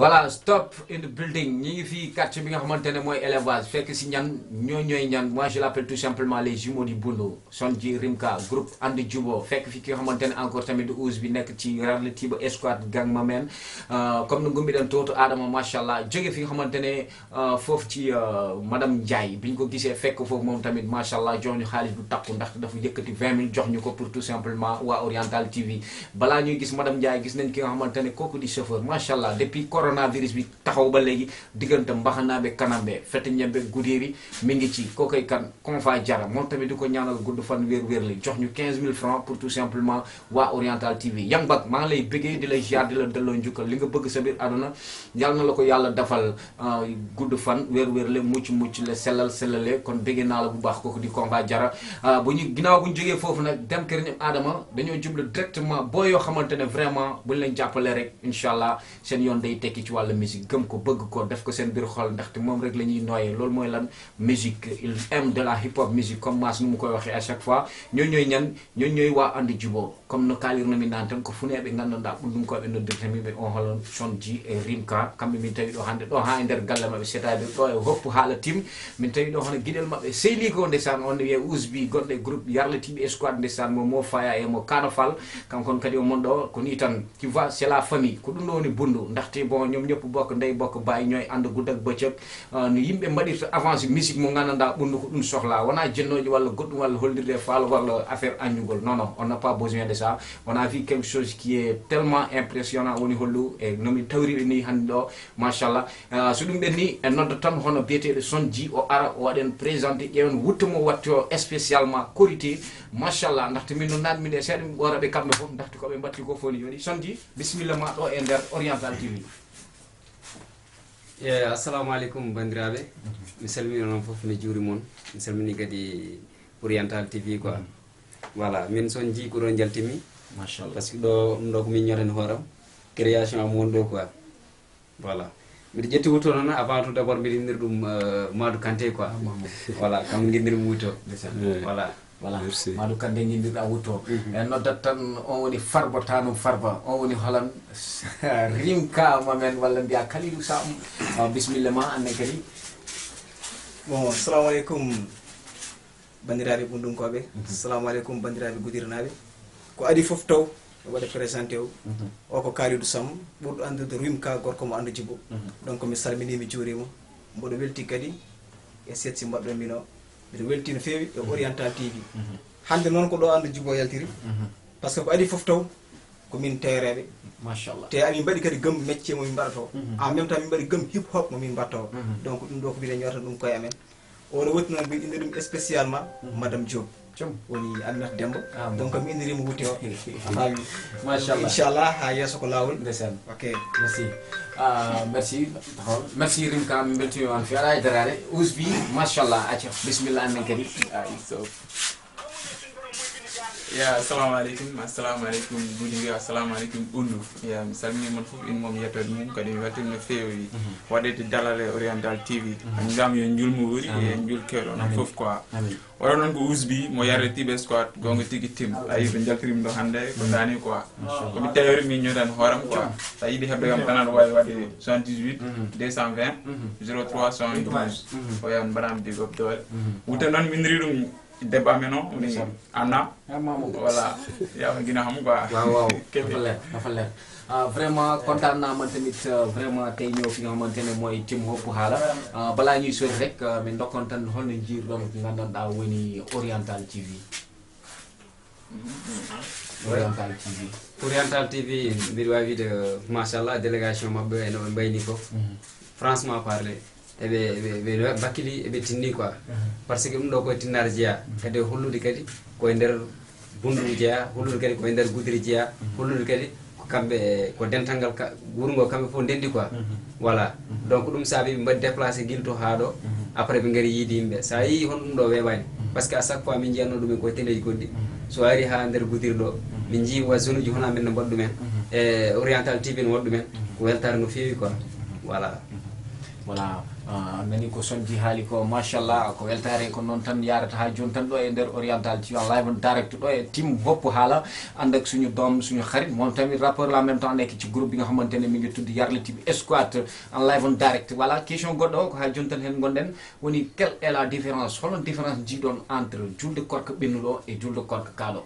voilà stop in the building ñi ngi fi quartier bi nga xamantene moy élevage fekk ci ñan ñoo ñoy ñan moi je l'appelle tout simplement les jumeaux du boulot sonji rimka group and jubo fekk fi ki xamantene encore tamit du ouz bi nek ci rarle tiba escouade gang mamen euh comme ngum bi dan toto adama machallah joge fi xamantene euh fofu ci euh, madame ndjay biñ ko gisé fekk fofu mom tamit machallah jox ñu xaliss bu takku ndax dafa yëkëti 20000 jox ñu ko pour tout simplement wa oriental tv bala ñuy gis madame ndjay gis nañ ki nga xamantene koku di chauffeur machallah macha allah depuis coronavirus bi taxaw ba léegi diggante Mbaxanaabe Kanambe Fete Ñembe Gudéeri mi ngi ci kookoy kan Konfa Jara moom tamit di ko ñaanal gudd fan wér wér li jox ñu 15000 francs pour tout la jaar sa biir àdduna yàlla na la ko yàlla euh, mucc mucc le sellal sellale kon bëggee naa la bu baax kooku di Konfa Jara euh, bu ñu ginnaaw bu ñu jógee foofu nag dem kër ñoom Adama dañoo jublu directement boo yoo xamante ne vraiment buñ leen jàppale rek incha sen yon day tekki ci wàllu musique gëm ko bëgg ko def ko sen bir xol ndax te mom rek lañuy noyé noyyee moy lan musique il aime de la hip hop musique comme Mass nu mu koy waxee à chaque fois ñoo ñoy ñan ñoo ñoy wa andi juboo comme no kalir kalirnami nanten ko funeɓe gandanɗa ɓurɗum koɓe noddirtamiɓe on holon conji e rimka kambe mi tawi ɗo hande do ha e der galle mabɓe seetaɓe ɗo e hoppu haala tim min tawi ɗo hono guiɗel mabɓe sehli ko ndesan on wiye usbi gonɗo e groupe yarletiɓe esquad ndesan mo mo faya e mo kana fal kankon kadi omon ɗo ko ni tan tu vois c'est la famille ko ɗum ɗo woni bon dund ndaxte bon ñoom ñëpp bokk nday bokk bàyyi ñooy ànd gudd ak bëccëg euh, nu yimɓe mbaɗirta avance musique mu ngannanda ɓundu ko ɗum soxlaa wona jënnooji walla goɗɗum walla hollirde faal walla affaire añugol non non on n'a pas besoin de ça on a vu quelque chose qui est tellement impressionnant woni hollu e nomi tawriɓe ni hannde ɗo machallah euh, so ɗum ɓenni e nodda tan hono biyeteɗo son ji o ara o waɗen présenté ƴeewen wuttamo watte o spécialement corité machallah ndaxte min no naatmiɗe seeɗa ɓooraɓe kamɓe fof ndaxte koɓe mbatti ko fooni yoni son ji bisimilla ma ɗo e nder orient kaasal tv e eh, assalamu aleykum bandiraɓe mi salmini onon foof mi juuri moon mi salmini kadi ourientale tv quoi mm. voilà min son jii ko ɗon jaltimi machallah par ce que ɗo ɗum ɗo ko min ñoten hooram création am woni ɗo quoi voilà mbiɗa ƴetti wurto noon avant tout d' abord mbiɗa indir ɗum euh, madou kanté quoi voilà kam ginndir muuto voilà voilà maɗum kam nde jindirɗa wutto mhm. e noddat tan on woni farba tanum farba on woni holan rimkama men walla mbiya kalilou sam bisimilla ma annen kadi bon assalamu aleykum bandiraɓe ɓundunkoɓe assalamu mhm. aleykum bandiraɓe gudirnaɓe ko adi foof taw o waɗa présenté o mhm. o ko kalidou sam ɓurɗo andude rumka gorko mo andu jibo donc mi salminimi juurima mboɗo welti kadi e setsi mbaɗɗo e min o mbiɗa weltino feewi e oriental tv mhm. hannde noon ko ɗo anndu jugo yaltiri mhm. par ce que ko adi fof taw ko min tereɓe machallah te amin mbaɗi kadi gam métier momin mbaɗato mhm. en même temps min mbaɗi gam hip hop momin mbatta o donc ɗum ɗo ko mbiɗa ñewata ɗum koye amen oɗo wattinoon mbiɗa inde ɗum spécialement madame diob jom woni annata dembo ah, donc mi innirima wuute o machallah inchallah ha yesso ko lawol ndesen ok merci ah, merci merci rim ka mi beltimi on fe aɗa e darare usbi machallah acca bisimillah annen kadi ah, ya assalamu aleykum bu aleykum gudiwi assalamu aleykum ɓundu ya mi salmini moon fof in moom yettode mum kadi mi weltani no feewi mhm. waɗede dalal e oriental tv en gam yo julmo wuri e jul kewɗo na fof quoi waɗa noon ko usbi mo yarretiɓe squat gonga tigui tim a yii ɓe jaltirimi ɗo hannde ko dani quoi komi tawori min ñotan hooram quoi sa yiiɗi heɓde kam tan aɗa wawi waɗe 78 220 03 72 o yan mbaɗami min debba men o anna voilà yaama gina xam quoi waaw waaw dafa leer dafa leer ah, vraiment kontaan na man tamit ah, vraiment tey ñëw fi nga xamante ne mooy tim hopp haala ah, balaa ñuy sori rek min dokkontan hol no jiirɗon nganndanɗaa woni oriental tv mm-hmm. oriental tv oriental tv mbiɗa mm-hmm. waawi wiide machallah délégation maɓɓe eno ɓe mbayni fof mm-hmm. franchement parler eɓe bakkili eɓe tinni quoi par ce que ɗum ɗo koye tinnare jeeya kadi hollude kadi koye nder bunduɗu jeeya hollude kadi koye nder gudiri jeeya hollude kadi kamɓe ko dentalngal wuro ngo kamɓe fof ndenndi quoi voilà donc ɗum saabi ɓe mbaɗi déplacé guilto haa ɗo après ɓe ngari yiide yimɓe so a yii hon ɗum ɗo weɓani par ce que à chaque fois min jiyatno ɗumen koye teleji goɗɗi so ari haa nder gudiri ɗo min jii wa zone uji hona men no mbaɗ ɗumen e oriental tv no waɗ ɗumen ko weltare no feewi quoi voilà voilà nani ko soñdi haali ko machallah ko weltare ko noon tan yarata ha joni tan ɗo e nder oriental tiwan e live direct ɗo e tim boppo haala andak suñu dom suñu xarit moom tami rapport la même temps andeke ci groupe bi nga xamantene mi ngi tudd yarlitiɓe esquat en live on direct voilà question goɗɗo o ko ha joni tan hen gonɗen woni quel est la différence holno différence jiiɗon entre julde korka ɓennuɗo e julde korka kaalo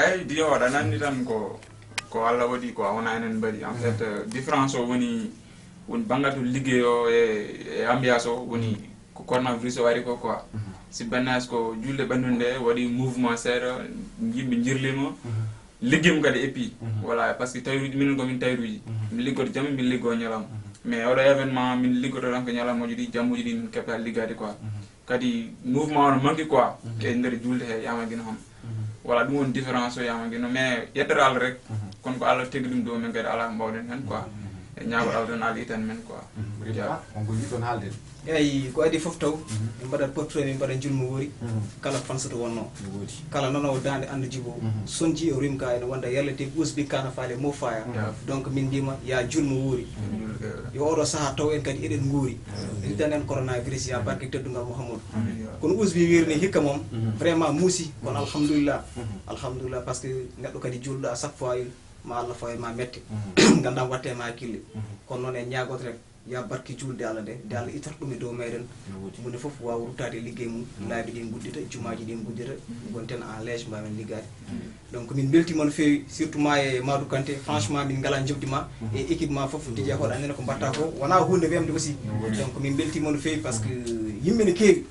eyyi di o aɗa nanndi tan ko ko allah waɗi ko a wona enen mbaɗi en fait euh, différence o woni woni banggal to liggey e, e ambiance o woni mhm. ko coronavirus o wari ko quoi mhm. si bannas ko julde bandunde wadi waɗi mouvement seeɗa yimɓe jirlimo mhm. limo, mum kadi di voilà parce ce que tawruji minen komin tawruji min liggoto jamma min liggo ñalawma mais oɗo événement min liggoto tan ko ñalawmaji ɗi jammuji ɗi min keɓta liggade quoi kadi mouvement ono manqui quoi e nder julde he yamagino hon voilà ɗum woni différence o yamagino mais yettata allah rek kono ko allah tegi ɗum me min kadi ala ko mbawɗen hen e ñagoɗaw ton haali itan men quoiton haalden mhm. eyi ko adi ah, foof taw mhm. min mbaɗat portrait min mbaɗa jurmo woori mhm. kala fansoto wonno woodi kala nonowo dande andu jibo soñji e rimka ene wonda yallete usbi kana faale mo faya donc min mbima ya jurmo woori yo oɗo saaha taw en kadi eɗen guuri itan en coronavirus ya barke teddugal mouhamadou kono usbi wirini hikka moom vraiment muusi kono alhamdulillah alhamdulillah par ce que neɗɗo kadi juulɗo à chaque fois ma allah fawe ma mette mhm. ganndam watte ma kille mhm. kono noon en ñaagoto rek ya barki julde allah nde nde allah itata ɗum e dow meɗen munde fof wawa ruttade e liggey mum laabi ɗin guddita jumaji ɗin guddita mhm. gonten en lége mbawen liggade donc min beltima no fewi surtout ma e madou kanté franchement min ngala jobdi ma e équipe ma foof dija hoɗo annene ko mbatta ko wona hunde wemde aussi donc min beltima no fewi par ce que yimɓe ne keewi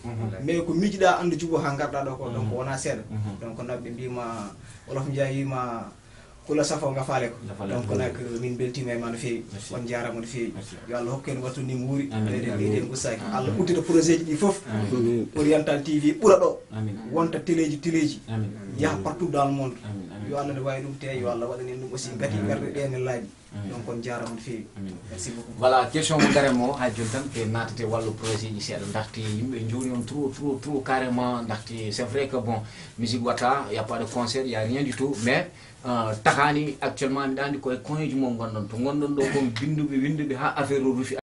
mais ko miijiɗa andu jubo ha garɗa ɗo ko donc wona seeɗa donc naɓɓe mbima olof jeya wima kula safo gafaale ko donc nak min beltima ema no fewi on jarama no fewi yo allah hokku en wattu nim wuuri ede mbiyeten gustaki allah uddita projet ji ɗi foof oriental tv ɓuura ɗo wonta téléji téléji yaaha partout dans le monde yo allah way wawi te allah aussi gati on de merci voilà question mo carrément c'est vrai que bon musique wata y a pas de concert y a rien du tout mais euh, tahani actuellement dans le coin du mo Gondon, to ha affaire